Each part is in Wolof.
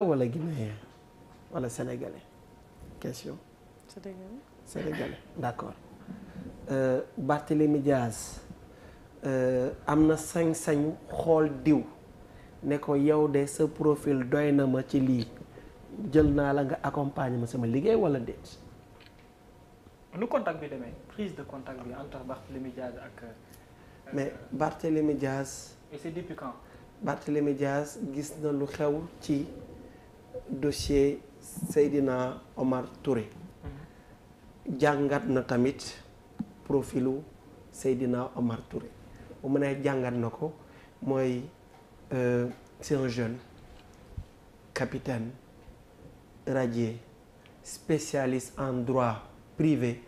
wala guinéen wala question. sénégalais sénégalais d'accord euh, Barthélémy Diaz euh, am na sañ sañ xool diw ne ko yow de sa profil doy na ma ci lii jël naa la nga accompagne ma sama liggéey wala déet. nu contact bi prise de contact bi entre Barthélémy Diaz ak. Euh, mais Barthélémy Diaz. et Barthélémy Diaz gis na lu xew ci. dossier Seydina Omar Touré jàngat na tamit profilu Seydina Omar Touré bu mu nee jàngat na ko mooy euh, c'est un jeune capitaine radié spécialiste en droit privé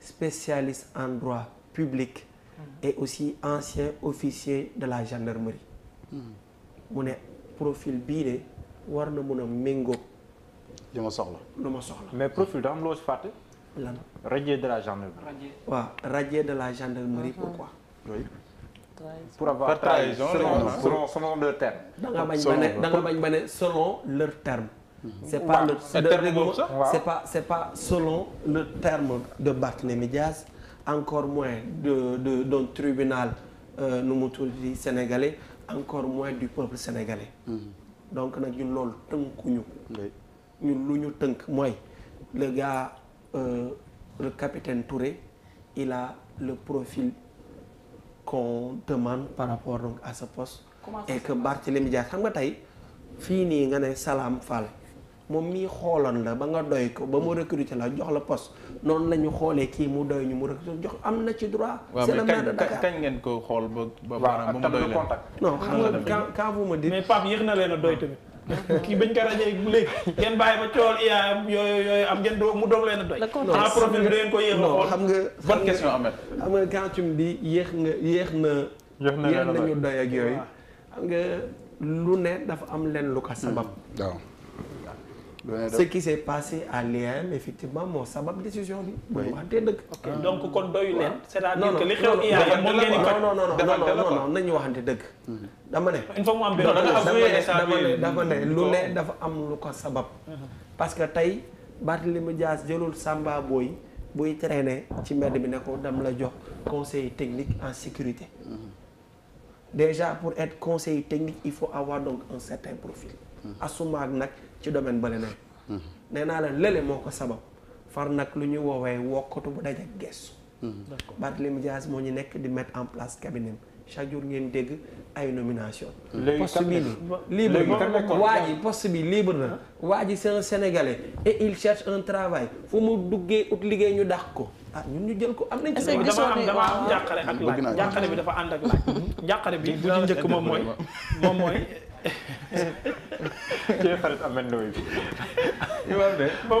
spécialiste en droit public mm. et aussi ancien officier de la gendarmerie mm. mu ne profil bii de war na mun a méngóog. li ma soxla lu ma soxla. mais profil dafa am loo si fàtte. lan radié de la gendarmerie. waaw radié de la gendarmerie mhm. pourquoi. oui. pour avoir trahison selon selon leur terme. da nga bañ ba ne da nga bañ leur terme. Mhm. c'est pas le c'est pas c'est pas selon terme de Barthélémy encore moins de de d'un tribunal euh, nu mu tudd sénégalais encore moins du peuple sénégalais. Mhm. donc nag ñun loolu tënkuñu. ñun lu ñu tënk mooy le gars euh, capitaine Touré il a le profil qu'on demande par rapport donc à ce poste. Comment et que Barthélémy Dias xam nga tey fii nii nga ne Salam Fall. moom mii xooloon la ba nga doy ko ba mu recruter la jox la poste noonu la ñu xoolee kii mu doy ñu mu recruter jox am na ci droit. c'est le maire kañ ngeen ko xool ba. ba mu doy leen non xam nga quand quand vous me dites. mais Pape yéex na leen doy tamit. kii bañ ko rajee bu léegi ngeen bàyyi ba cool iyaa yooyu yooyu am ngeen doo mu doog leen a doy en profil bi dangeen ko yéex xam nga bonne question Ahmed xam nga quand tu me yéex nga yéex na yéex nañu doy ak yooyu xam nga lu ne dafa am leen lu ko sabab hmm. ce qui s'est passé à l'IAM effectivement moo sabab décision bi. mooy wax dëgg. ok donc kon doyu leen. c'est-à-dire que li xew IAM moom ngeen di ko non non non non nañu waxante dëgg. Mm-hmm. dama ne. lu ne dafa am lu ko sabab. Mm-hmm. parce que tey Barthélémy Dias jëlul Samba booy buy traîner ci mbedd bi ne ko la jox conseil technique en sécurité. Mm-hmm. déjà pour être conseil technique il faut avoir donc un certain profil. asumaak nag ci domaine bale ne nee naa la lële moo ko sabab far nag lu ñuy woowee wokkatu bu daj ak gestu Barthélémy Dias moo ñu nekk di mettre en place cabinet chaque jour ngeen dégg ay nomination poste bi libre waa ji poste bi libre na ah. waa ji c'est un sénégalais et il cherche un travail fu mu duggee ut liggéey ñu dàq ko ah ñun ñu jël ko am nañ ci dama am dama am ak laaj jàqare bi dafa ànd ak laaj jàqare bi bu ci njëkk moom mooy moom mooy kii xarit am na moom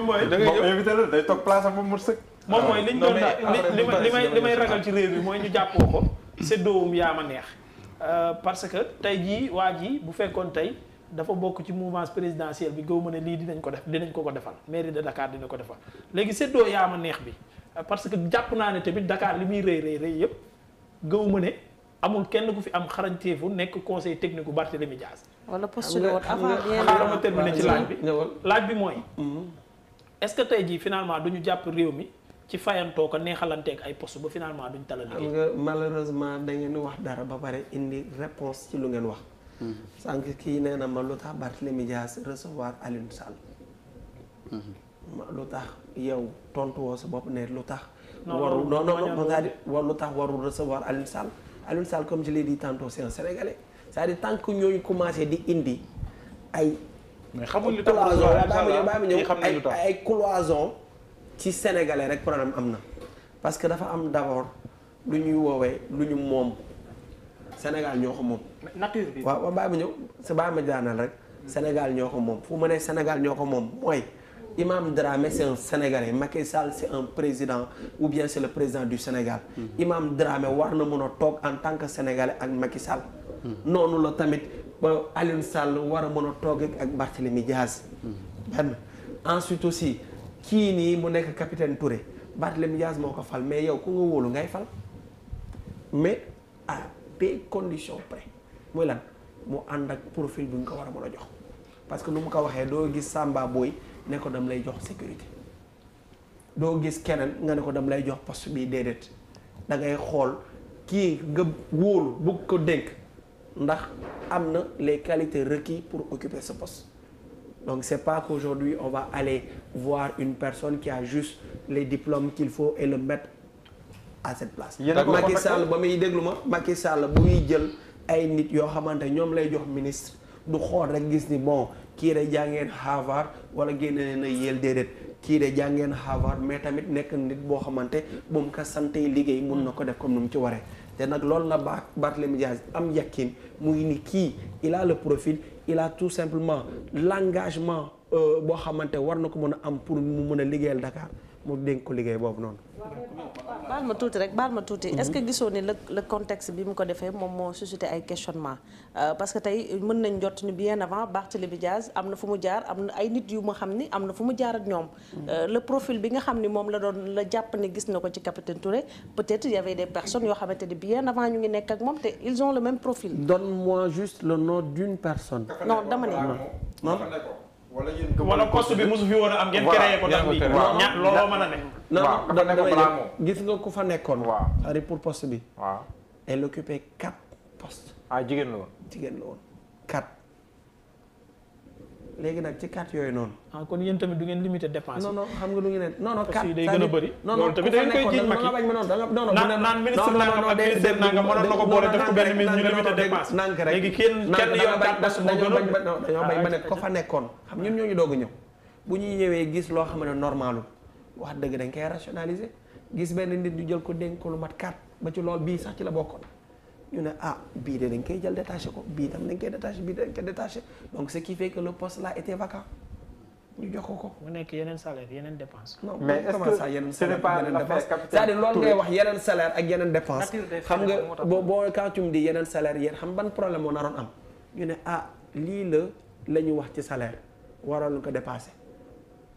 mooy da ngay moom la day toog place am mu sëkk. moom mooy li ñu doon li may may ragal ci réew bi mooy ñu jàppoo ko. séddoowum yaa ma neex. Euh, parce que tey jii waa ji bu fekkoon tey dafa bokk ci mouvance présidentielle bi gëw ma ne lii dinañ ko def dinañ ko ko defal mairie de Dakar dina ko defal léegi séddoo yaa ma neex bi parce que jàpp naa ne tamit dakaar li muy rëy rëy rëy yëpp gëw ma ne. amul kenn ku fi am xarañteefu nekk conseil technique bu Barthélémy Dias. wala postulé woon avant xam nga terminé ci laaj laaj bi mooy. Mm-hmm. est-ce que tey jii finalement du ñu réew mi ci fayantoo ko neexalanteeg ay poste ba finalement duñ talal liggéey. nga malheureusement da ngeen wax dara ba pare indi réponse ci lu ngeen wax. Mm-hmm. sànq kii nee na ma lu tax Barthélémy Dias recevoir Alioune Sall. Mm-hmm. lu tax yow tontu woo sa bopp ne lu tax. non non non warul non non c'est-à-dire lu tax warul recevoir Alioune Sall. Aliou Sall comme je l'ai dit tantôt c'est un sénégalais tant que ñooñu commencé di indi ay. mais xamul li tax ñëw ah, ay cloison ci sénégalais rek problème am na. parce que dafa am d'abord lu ñuy woowee lu ñu moom Sénégal ñoo ko moom. nature bi waaw waaw ma ñëw sa bàyyi ma daanal rek. Sénégal ñoo ko moom fu ma ne Sénégal ñoo ko moom mooy. Imam Dramé c'est un Sénégalais Macky Sall un président ou bien c'est le président du Sénégal. Mhm. Imam drame war na mën a toog en tant que Sénégalais ak Macky Sall. Mhm. noonu la tamit ba Alioune war a mën a toog ak Barthélémy Diaz. Mhm. benn ensuite aussi kii nii mu nekk capitaine Touré Barthélémy Diaz moo ko fal mais yow ku nga wóolu ngay fal mais à des conditions près mooy lan mu ànd ak profil bi nga ko war a mën a jox parce que nu mu ko waxee doo gis Samba Boy. ne ko dam lay jox sécurité doo gis keneen nga ne ko dam lay jox post bi déedéet da ngay xool kii nga wóolu bugg ko dénk ndax am na les qualités requises pour occuper sa post donc c'est pas qu'aujourd'hui on va aller voir une personne qui a juste les diplômes qu'il faut et le mettre à cette place Macky Sall ba muy déglu ma Macky Sall bu muy jël ay nit yoo xamante ñoom lay jox ministre du xool rek gis ni bon kii de jàngeen Harvard wala génne na Yale déedéet kii de jàngeen Harvard mais tamit nekk nit boo xamante moom mu ko santee liggéey mun na ko def comme nu mu ci waree te nag loolu la ba Barthélémy Dias am yàqin muy ni kii il a le profil il a tout simplement l'engagement euh, boo xamante war na ko mun a am pour mu mun a liggéeyal Dakar mu dénk ko liggéey boobu noonu. baal ma tuuti rek baal ma tuuti. est-ce que gisoo ni le le contexte bi mu ko defee moom moo suscité ay questionnement euh, parce que tey mën nañ jot ni bien avant Barthélémy Diaz am na fu mu jaar am na ay nit yu ma xam ni am na fu mu jaar ak ñoom. Euh, le profil bi nga xam ni moom la doon la jàpp ni gis na ko ci capitaine Touré peut-être y avait des personnes yoo xamante ni bien avant ñu ngi nekk ak moom te ils ont le même profil. donne-moi juste le nom d'une personne. non dama wala poste bi mosu fi woon a am ngeen créé ko. daan bi ña looloo mën a ne. waaw dafa gis nga ko fa nekkoon. waaw pour poste bi. waaw elle occupait quatre ah, jigéen la woon jigéen la woon quatre. léegi nag ci carte yooyu noonu. ah kon yéen tamit du ngeen limité dépense. non non xam nga lu ngeen ne non non. carte tamit dañ koy naan ministre nangam ak ministre nangam mënoon na ko boole def ko benn ministre ñu limité dépense. nànk rek moo gënoon dañoo ko ah, ah, fa nekkoon. xam ñun ñoo ñu doog ñëw bu ñuy ñëwee gis loo xam ne normalul wax dëgg dañ koy rationaliser gis benn nit ñu jël ko dénk ko lu mat carte ba ci lool bii sax ci la bokkoon ñu ne ah bii de dañ koy jël détaché ko bii tam dañ koy détaché bii dañ koy détaché donc ce qui fait que le poste là était vacant ñu jox ko mu nekk yeneen salaire yeneen dépense. non mais est-ce wax yeneen salaire ak yeneen dépense. xam nga boo boo quand tu me dis yéen xam ban problème moo naroon am. ñu ne ah lii la la ñu wax ci salaire waroon ko dépassé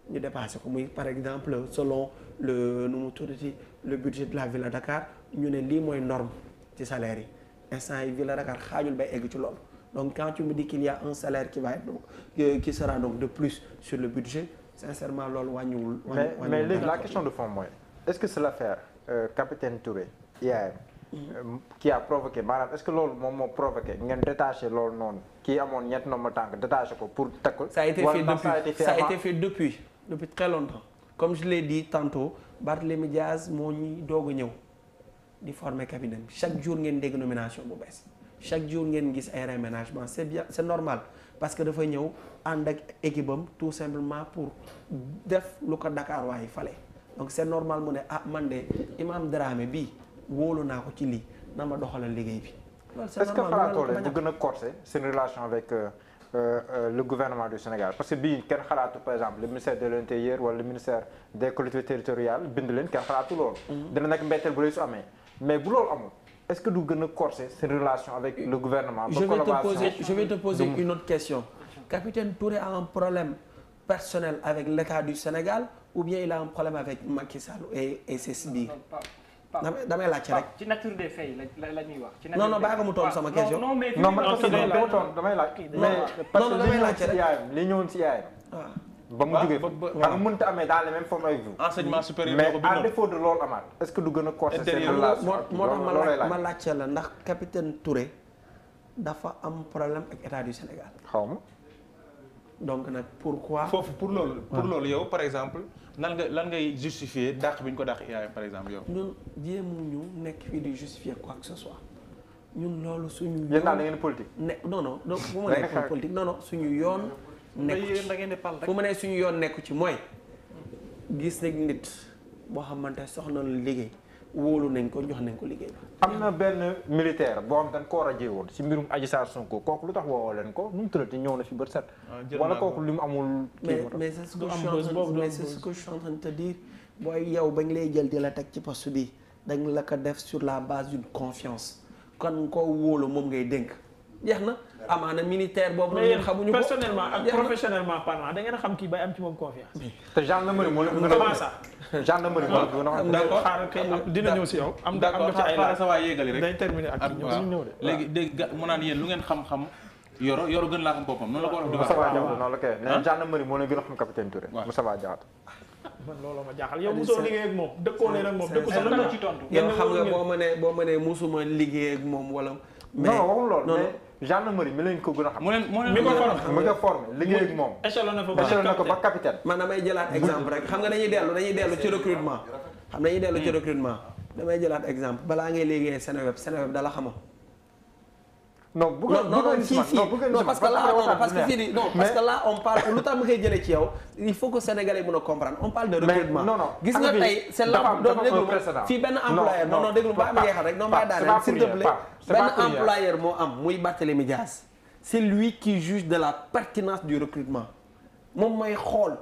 ñu dépassé ko muy par exemple selon le nu mu tuddati le budget de la ville de Dakar ñu ne lii mooy norme ci salaire yi. instant yi Ville Dakar xaajul bay egg ci loolu donc quand tu me dis un salaire qui va donc euh, qui sera donc de plus sur le budget sincèrement loolu wàññiwul. mais mais léegi la question de fond mooy est-ce que c'est l'affaire euh, capitaine Touré IAM. Mm-hmm. Euh, a provoqué maanaam est-ce que loolu moom moo provoqué ngeen détaché loolu noonu kii amoon ñett na ma tànk détaché ko pour takk. ko a été fait depuis ça a été fait, a été fait comme je l'ai dit tantôt Barthélémy Diaz moo ñu doog ñëw. di former cabinet bi chaque jour ngeen dégg nomination bu bees chaque jour ngeen gis ay réménagement c'est bien c'est normal parce que dafa ñëw ànd ak équipe am tout simplement pour def lu ko Dakar waaye fale donc c'est normal mu ne ah man de Imam Dramé bi wóolu naa ko ci lii na ma doxalal liggéey bi. loolu c'est normal est-ce que xalaatoo leen bu gën a corser seen relation avec. Euh, euh, le gouvernement du Sénégal parce que bii kenn xalaatu par exemple le ministère de l'intérieur wala ministère des collectivités bind leen kenn xalaatu loolu. Mm-hmm. dina su amee. mais bu loolu amul est-ce que du gën a corser ses relations avec le gouvernement. je vais te poser je vais te poser une autre question. capitaine Touré a un problème personnel avec l'État du Sénégal ou bien il a un problème avec Macky Sall et et ses sbires. rek. ci nature des faits la la ñuy wax. ci non non bàyyi ko mu tontu sama question. non mais non man damay laajte rek. li ñëwoon si yaayam li ñëwoon si ba mu jógee ak mënta amee dans les mêmes formes avec vous. enseignement supérieur mais à défaut de loolu amaat est-ce que du gën moo tax ma laajte la ndax capitaine Touré dafa am problème ak état du Sénégal xaw ma donc nag pourquoi. foofu pour loolu pour loolu yow par exemple lan nga lan ngay justifier dàq bi ñu ko dàq IAM par exemple yow. ñun jéemuñu nekk fii di justifier quoi que ce soit ñun loolu suñu. yoon yéen daal da ngeen ne non non suñu yoon. nekku ci fu ma ne suñu yoon nekku ci mooy gis nag nit boo xamante soxna lu liggéey wóolu nañ ko jox nañ ko liggéey am na benn militaire boo xam dañ ko rajee woon si mbirum Adji Sarr Sonko kooku lu tax woowoo leen ko nu mu ñëw na fi bët set. Ah, kooku li mu amul. mais mais c'est ce que je suis en train de te dire lay jël di la teg ci poste bi dañ la ko def sur la base d'une confiance kon koo wóolu moom ngay dénk jeex na. amaana militaire boobu. mais yéen xamuñu ko personnellement ak professionnellement parlant da ngeen a xam kii bay am ci moom confiance. te gendarmerie moo la a. moo la gën a. d' accord xaaral kay si am d' accord xaaral sa waa yéegali rek day terminé ak ñoom suñu ñëw de. xam-xam. yoro yoro gën laa xam boppam noonu la ko war a. Moussa Diakhoune ah. noonu la kay nee ah. gendarmerie moo la gën a xam capitaine Touré. waaw Moussa moom dëkkoo leen ak moom dëkkoo sa la ci tontu. xam nga boo mënee boo mënee mosuma liggéey ak moom wala. non waxul lool mais gendarmerie mi lañ ko gën a xam. mu leen ko formé liggéey ak moom. échelon na ko ba échelon na ko ba capitaine. man damay jëlaat exemple rek xam nga dañuy dellu dañuy dellu ci recrutement. xam dañuy dellu ci hmm. damay jëlaat exemple balaa ngay liggéey Seneweb Seneweb dala xamoo non bu non non parce que là non parce que fii non parce que là on parle lu tax ma koy jëlee ci yow il faut que sénégalais mën a comprendre on parle de recrutement gis nga tey c'est la doon déglu fii benn employeur non non déglu ba ma yeexal rek non ma daaneel s'il te plaît benn employeur moo am muy Barthélémy Dias c'est lui qui juge de la pertinence du recrutement moom mooy xool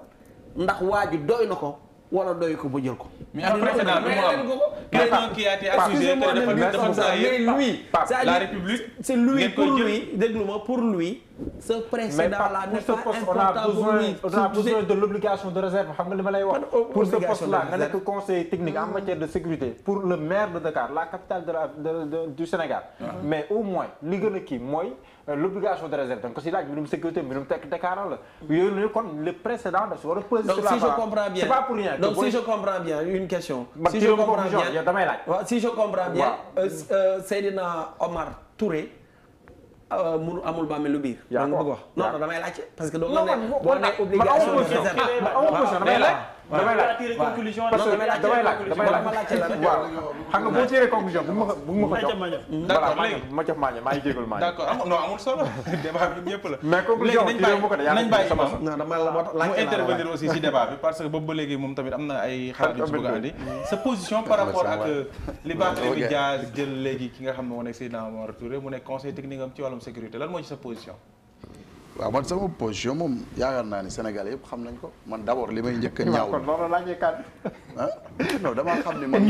ndax waa ji doy na ko wala doy ko ba jël ko. mais am précédent bi mu am quelqu'un qui a été accusé dafa dafa saa yëpp la république. c'est lui pour lui déglu ma pour lui. ce précédent-là n'est pas important pour lui. on a besoin de l'obligation de réserve xam pour ce poste-là nga nekk conseiller technique en matière de sécurité pour le maire de Dakar la capitale de la du ah. mais au moins li gën a kii mooy euh, l'obligation de réserve donc si laaj mbirum sécurité mbirum tekk Dakar la. yooyu si je comprends bien c'est pas pour rien. donc si je comprends bien une question. si je comprends bien euh, euh, damay Omar Touré. Euh, mënu amul bàmmeel lu biir. yaa ko wax non non damay laajte parce que. doo ko ne boo nee obligation. ma amul position damay laaj. damay laaj conclusion damay laaj damay laaj waaw xam nga boo tiré conclusion bu ma ko bu jox d'accord léegi ma jox nañ bàyyi sama mu intervenir aussi si débat bi parce que boobu ba léegi moom tamit am na ay ah, xalaat yu ci bëgg a andi sa position par rapport ak euh, li Barthélémy Dias jël léegi ki nga xam ne moo nekk Seydina mu nekk conseil technique am ci wàllum sécurité lan moo ci sa position waaw man sama position moom yaakaar naa ni Sénégal yëpp xam nañ ko man d' abord li may njëkk a ñaaw kon noonu laa ñuy kan ah non damaa xam ni man